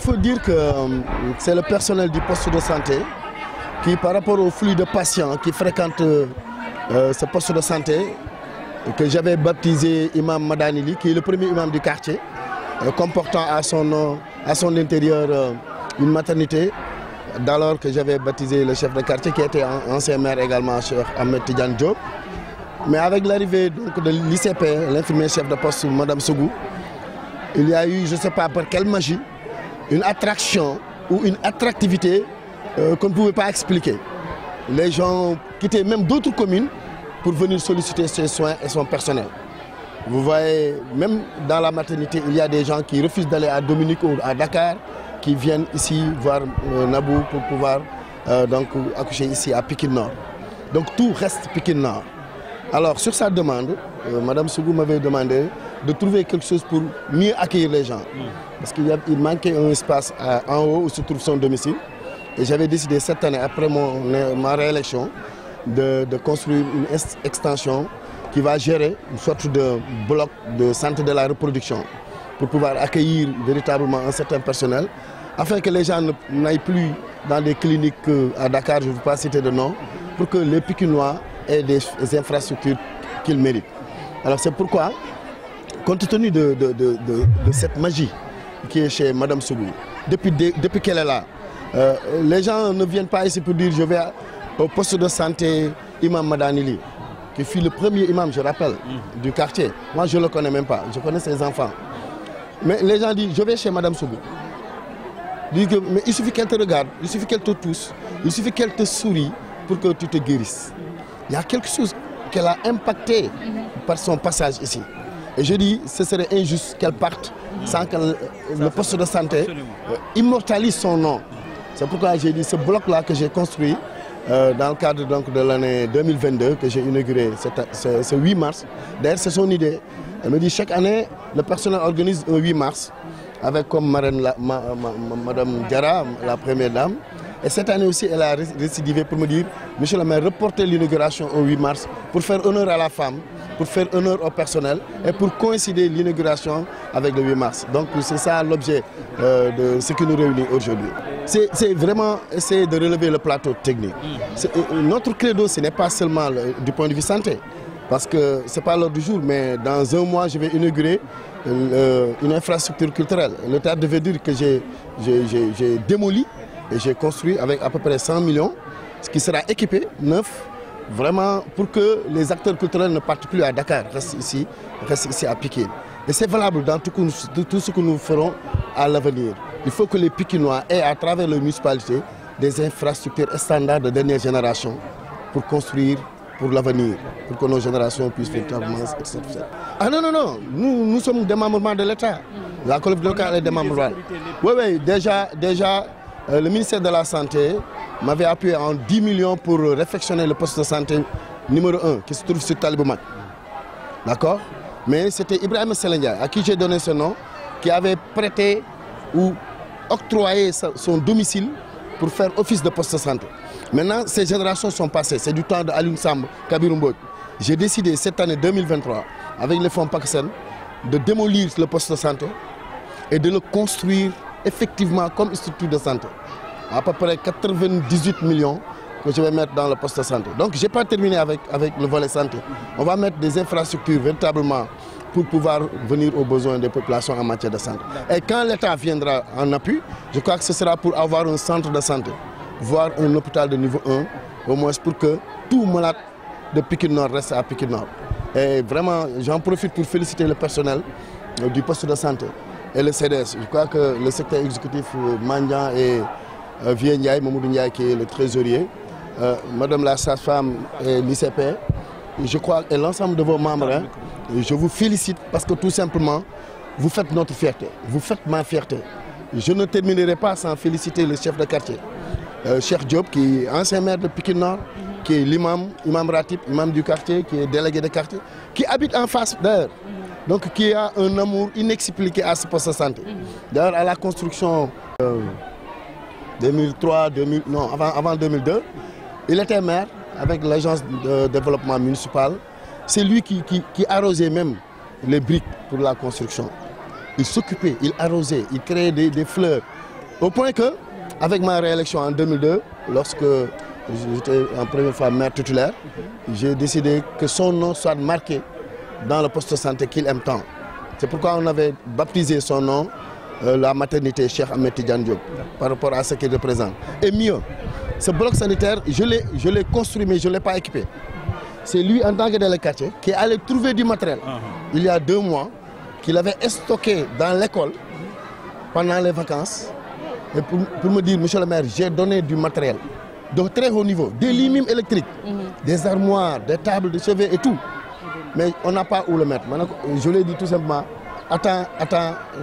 il faut dire que euh, c'est le personnel du poste de santé qui, par rapport au flux de patients qui fréquentent euh, euh, ce poste de santé, que j'avais baptisé Imam Madanili, qui est le premier imam du quartier, comportant à son, à son intérieur une maternité, d'alors que j'avais baptisé le chef de quartier, qui était ancien maire également, Cheikh Ahmed Tidjan Diop. Mais avec l'arrivée de l'ICP, l'infirmière chef de poste, Madame Sougou, il y a eu, je ne sais pas par quelle magie, une attraction ou une attractivité euh, qu'on ne pouvait pas expliquer. Les gens quittaient même d'autres communes pour venir solliciter ses soins et son personnel. Vous voyez, même dans la maternité, il y a des gens qui refusent d'aller à Dominique ou à Dakar, qui viennent ici voir euh, pour pouvoir euh, donc, accoucher ici à Pékin Nord. Donc tout reste Pékin Nord. Alors sur sa demande, euh, Madame Sougou m'avait demandé de trouver quelque chose pour mieux accueillir les gens parce qu'il manquait un espace en haut où se trouve son domicile. Et j'avais décidé cette année, après mon, ma réélection, de, construire une extension qui va gérer une sorte de bloc de centre de la reproduction pour pouvoir accueillir véritablement un certain personnel afin que les gens n'aillent plus dans des cliniques euh, à Dakar, je ne veux pas citer de nom, pour que les Piquinois aient des, infrastructures qu'ils méritent. Alors c'est pourquoi, compte tenu de, de cette magie qui est chez Madame Soubou. Depuis, depuis qu'elle est là, euh, les gens ne viennent pas ici pour dire je vais au poste de santé Imam Madanili, qui fut le premier imam, je rappelle, mm. du quartier. Moi, je ne le connais même pas, je connais ses enfants. Mais les gens disent je vais chez Madame Soubou. il suffit qu'elle te regarde, il suffit qu'elle te touche il suffit qu'elle te sourie pour que tu te guérisses. Il y a quelque chose qu'elle a impacté par son passage ici. Et je dis, ce serait injuste qu'elle parte sans que le poste de santé euh, immortalise son nom. C'est pourquoi j'ai dit ce bloc-là que j'ai construit euh, dans le cadre donc, de l'année 2022 que j'ai inauguré ce, 8 mars. D'ailleurs, c'est son idée. Elle me dit chaque année, le personnel organise un 8 mars avec comme marraine Madame Gara, la première dame, et cette année aussi, elle a récidivé pour me dire, Monsieur le maire, reportez l'inauguration au 8 mars pour faire honneur à la femme, pour faire honneur au personnel et pour coïncider l'inauguration avec le 8 mars. Donc c'est ça l'objet euh, de ce qui nous réunit aujourd'hui. C'est vraiment essayer de relever le plateau technique. Euh, euh, notre credo, ce n'est pas seulement du point de vue santé, parce que ce n'est pas l'heure du jour, mais dans un mois, je vais inaugurer une infrastructure culturelle, le théâtre de dire que j'ai démoli et j'ai construit avec à peu près 100 millions, ce qui sera équipé, neuf, vraiment pour que les acteurs culturels ne partent plus à Dakar, restent ici, restent ici à Et c'est valable dans tout, ce que nous ferons à l'avenir. Il faut que les Piquinois aient à travers le municipalité des infrastructures standards de dernière génération pour construire pour l'avenir, pour que nos générations puissent véritablement etc. Ah non, non, non, nous, nous sommes des membres de l'État. La collectivité locale est des membres. Oui, oui, déjà, déjà, euh, le ministère de la Santé m'avait appuyé en 10 millions pour réfectionner le poste de santé numéro 1 qui se trouve sur Taliboumac. D'accord Mais c'était Ibrahim Selendia, à qui j'ai donné ce nom, qui avait prêté ou octroyé son domicile pour faire office de poste de santé. Maintenant, ces générations sont passées. C'est du temps d'Alun Sam Kabirumbo. J'ai décidé cette année 2023, avec les Fonds Pakistan, de démolir le poste de santé et de le construire effectivement comme institut de santé. À peu près 98 millions que je vais mettre dans le poste de santé. Donc je n'ai pas terminé avec, avec le volet santé. On va mettre des infrastructures véritablement pour pouvoir venir aux besoins des populations en matière de santé. Et quand l'État viendra en appui, je crois que ce sera pour avoir un centre de santé, voire un hôpital de niveau 1, au moins pour que tout malade de Piquet Nord reste à Piquet Nord. Et vraiment, j'en profite pour féliciter le personnel du poste de santé et le CDS. Je crois que le secteur exécutif euh, Mandian et euh, vie qui est le trésorier, euh, Madame la sage-femme et l'ICP, je crois, et l'ensemble de vos membres, hein, je vous félicite parce que tout simplement, vous faites notre fierté, vous faites ma fierté. Je ne terminerai pas sans féliciter le chef de quartier, euh, Cheikh Diop, qui est ancien maire de Pékin Nord, qui est l'imam, imam ratip, imam du quartier, qui est délégué de quartier, qui habite en face d'ailleurs donc qui a un amour inexpliqué à ce poste santé. Mhm. D'ailleurs, à la construction 2003, euh, 2000, avant, 2002, il était maire avec l'agence de développement municipal. C'est lui qui, qui, arrosait même les briques pour la construction. Il s'occupait, il arrosait, il créait des, des, fleurs. Au point que, avec ma réélection en 2002, lorsque j'étais en première fois maire titulaire, j'ai décidé que son nom soit marqué dans le poste de santé qu'il aime tant. C'est pourquoi on avait baptisé son nom euh, la maternité Cheikh Ahmed Diop par rapport à ce qu'il représente. Et mieux, ce bloc sanitaire, je l'ai construit mais je ne l'ai pas équipé. C'est lui en tant que délégué qui allait trouver du matériel. Uh-huh. Il y a deux mois, qu'il avait stocké dans l'école pendant les vacances et pour, me dire, monsieur le maire, j'ai donné du matériel de très haut niveau, des l'imim électriques, mm-hmm. des armoires, des tables de chevet et tout mais on n'a pas où le mettre. Je ai dit tout simplement, attends,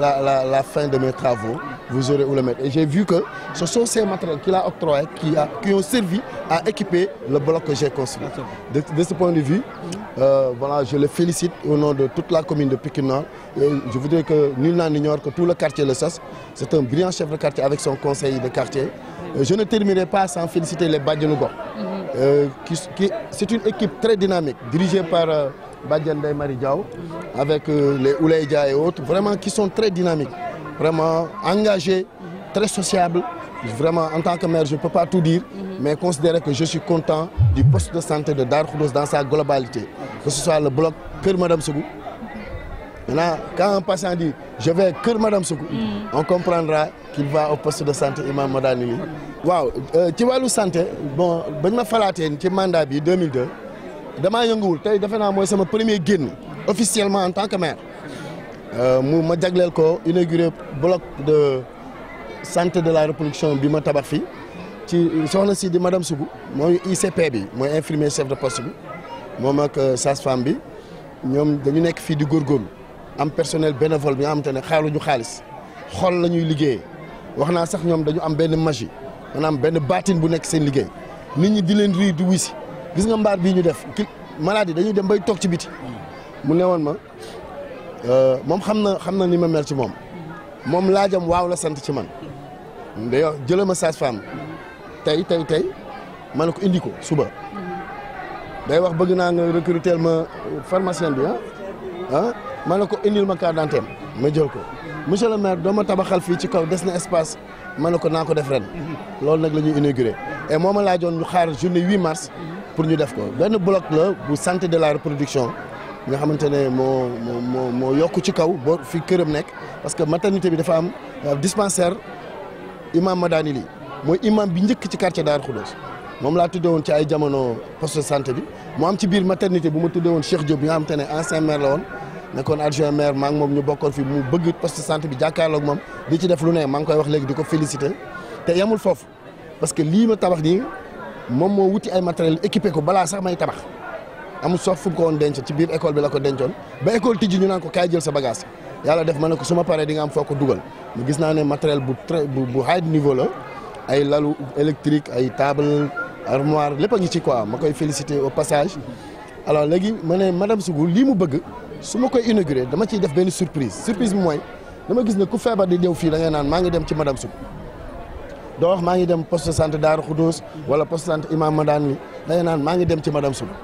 la, fin de mes travaux, vous aurez où le mettre. Et j'ai vu que ce sont ces matériels qu'il a octroyés qui, qui ont servi à équiper le bloc que j'ai construit. De, ce point de vue, euh, voilà, je le félicite au nom de toute la commune de Nord. Je voudrais que nul n'en ignore que tout le quartier Le Sas, c'est un brillant chef de quartier avec son conseil de quartier. Je ne terminerai pas sans féliciter les Badjanougor. Mhm. Euh, qui, c'est une équipe très dynamique, dirigée par... Euh, avec euh, les Ouleïdia et autres, vraiment qui sont très dynamiques, vraiment engagés, très sociables. Vraiment, en tant que maire, je ne peux pas tout dire, mais considérer que je suis content du poste de santé de Dar dans sa globalité, que ce soit le bloc Cœur Madame Sougou. Maintenant, quand un patient dit je vais Cœur Madame Sougou, mm. on comprendra qu'il va au poste de santé Imam Madani. Waouh, tu vois le santé, bon, je me suis fait mandat 2002. Je suis tey premier officiellement en tant que maire Je euh, ma ko bloc de santé de la reproduction bi ma tabax fii Je suis si de madame Sougou mooy ICP Je suis infirmier chef de poste bi de euh, femme bi sommes dañu de Gourgoum, personnel bénévole bi xaliss xol la waxna sax ñom dañu am benn magie maanaam benn batine bu nek seen liggéey nit ñi di wisi gis nga mbaar bii ñu def maladi maladie dañuy dem bay toog ci biti mu ne woon ma euh, moom xam na xam na ni ma mel ci moom moom laajam waaw la sant ci man day wax jëla ma sage-femme tey tey tey ma ne ko indi ko suba day wax bëgg naa nga recruter ma pharmacien bi ah, ah ma ne ko indil ma carte ma jël ko monsieur le maire doo ma tabaxal fii ci kaw des na espace ma ne ko naa ko def ren loolu nag la ñuy inauguré et moo ma laajoon ñu xaar journée 8 mars pour ñu def ko benn bloc la bu santé de la reproduction Nous avons ne mon mon mon mon ci kaw boo fi këram parce que maternité bi dafa am euh, dispensaire imam madanili Mon imam bi njëkk ci quartier Darou Khoudoss moom laa tuddee woon ci ay jamono poste de santé bi petit am ci biir maternité bu ma tuddee woon Cheikh Diop bi nga xamante ne ancien maire la woon adjoint maire maa ngi nouveau ñu fi mu bëgg poste de santé bi jàkkaarloog moom li ci def lu ne maa ngi koy wax léegi di féliciter te yemul parce que lui ma tabax nii. moom moo wuti ay matériel équipé ko balaa sax may tabax amul sox fu denc ci biir école bi la ko dencoon ba école tijji ñu naan ko kaay jël sa bagage yàlla def ma ne ko su paree di nga am foo ko dugal mu gis naa ne matériel bu très bu high niveau la ay lalu électrique ay table armoire lépp a ci quoi ma koy féliciter au passage alors léegi ma ne madame lii mu bëgg su ma koy inauguré dama ciy def benn surprise surprise bi mooy dama gis ne ku feebar di ñëw fii da ngay naan maa ngi dem ci madame doo wax maa ngi dem post sant santé Daaru Khoudous wala post sant santé Imam Madane bi day naan maa ngi dem ci madame Sougou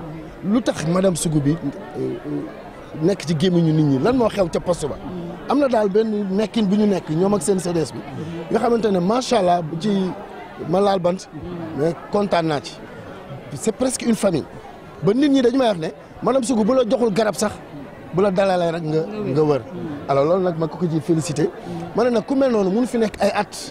lu tax madame Sougou bi euh, nekk ci gémmiñu nit ñi lan moo xew ca poste ba am na daal benn nekkin bu ñu nekk ñoom ak seen CDS bi nga xamante ne macha allah bu ci ma laal bant mais kontaan naa ci c'est presque une famille ba nit ñi dañu may wax ne madame Sougou bu la joxul garab sax bu la dalalee rek nga nga wër alors loolu nag ma ko ko ci félicité ma ne nag ku mel noonu mun fi nekk ay at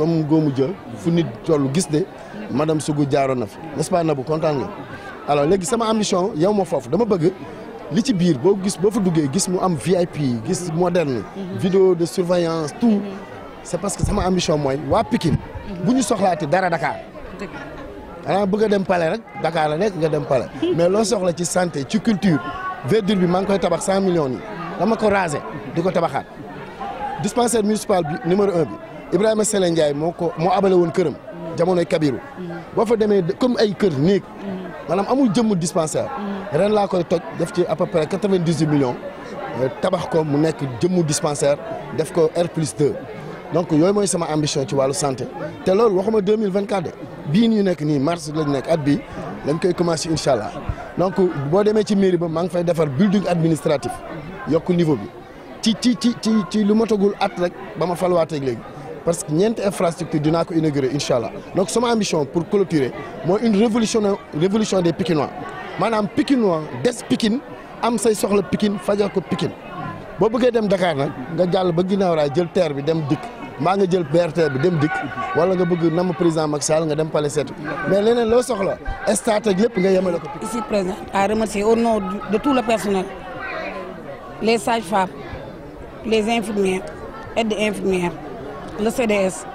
comme fu madame Sougou na n'est-ce pas Nabou alors léegi sama ambition yow ma dama bëgg li ci gis VIP gis moderne mhm. vidéo de surveillance tout mhm. c'est parce que sama ambition mooy waa Pikine mhm. soxlaati dara Dakar xanaa bëgg a palais Dakar la palais mais soxla ci santé ci culture millions je dispensaire municipal numéro 1 Ibrahima Sélé Ndiaye moo ko moo abale woon këram jamonoy Kabiru boo fa demee comme ay kër néeg maanaam amul jëmm dispensaire ren laa koy toj def ci à peu près quatre vingt dix euh, tabax ko mu nekk jëmmu dispensaire def ko R plus 2 donc yooyu mooy sama ambition ci wàllu santé te loolu waxuma deux mille vingt quatre bii ñu nekk nii mars lañ nekk at bi lañ koy commencé incha allah donc boo demee ci mairie ba maa ngi fay defar building administratif yokk niveau bi ci ci ci ci ci lu ma tagul at rek ba ma falwaatee léegi. parce que ñeenti infrastructure dinaa ko inaugurer incha allah donc sama ambition pour clôturer moi une révolution révolution des Pikinois manam Pikinois des Pikine am say soxla Pikine fajal ko Pikine bo bëggee dem Dakar nak nga jall ba ginnaaw raay jël terre bi dem dik ma nga jël BRT bi dem dik wala nga bëgg nam président Macky Sall nga dem palais seetu mais leneen lo soxla stade ak lepp nga yemale ko. ici présent à remercier au nom de tout le personnel les sages-femmes les infirmières aides infirmières le CDS,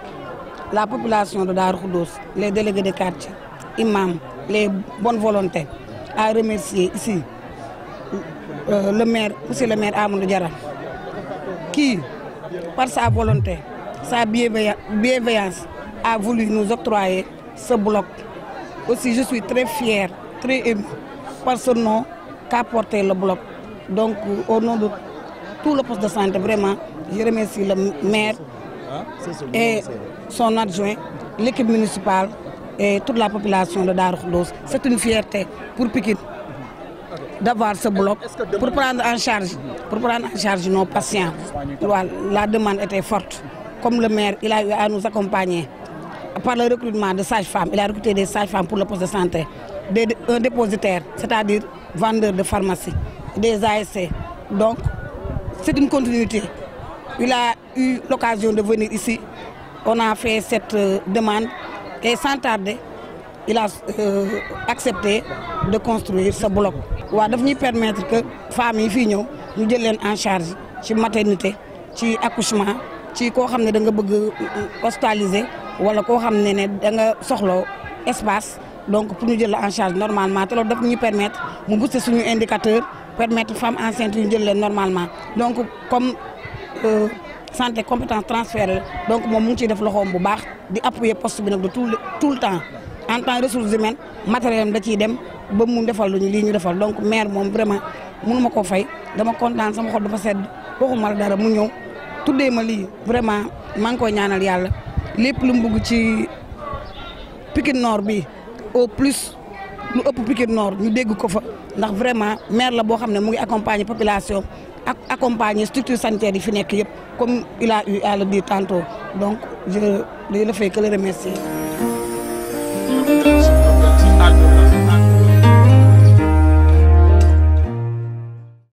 la population de Dar les délégués de quartier, imams, les bonnes volontés, à remercier ici euh, le maire, monsieur le maire Amadou Diara, qui, par sa volonté, sa bienveillance, a voulu nous octroyer ce bloc. Aussi, je suis très fier, très ému par ce nom qu'a porté le bloc. Donc, au nom de tout le poste de santé, vraiment, je remercie le maire et son adjoint, l'équipe municipale et toute la population de Daroukdos. C'est une fierté pour Piquet d'avoir ce bloc pour prendre en charge, pour prendre en charge nos patients. La demande était forte. Comme le maire, il a eu à nous accompagner par le recrutement de sages-femmes. Il a recruté des sages-femmes pour le poste de santé, des, un dépositaire, c'est-à-dire vendeur de pharmacie, des ASC. Donc, c'est une continuité. Il a eu l'occasion de venir ici, on a fait cette euh, demande et sans tarder, il a euh, accepté de construire ce bloc. On va permettre que femmes et les filles ñu en charge ci maternité ci accouchement ci koo xam da nga bëgg euh, hospitaliser wala espace donc pour nous jël en charge normalement te va nous permettre de booster suñu indicateur permettre femmes enceintes de ñu jël normalement donc comme santé compétence transférée donc moom mu ngi ciy def loxoom bu baax di appuyer poste bi nag de tout tout le temps en tant ressources humaines matériel da ciy dem ba mu defal lu ñu defal donc maire moom vraiment mënu ma koo fay dama kontaan sama xol dafa sedd waxuma la dara mu ñëw tuddee ma lii vraiment maa ngi koy ñaanal yàlla lépp lu mu bëgg ci Pikine Nord bi au plus lu ëpp Pikine Nord ñu dégg ko fa ndax vraiment maire la bo xamné ne mu accompagner population ak accompagner structure sanitaire yi fi comme il a eu à le dire tantôt donc je je le fais que le remercier.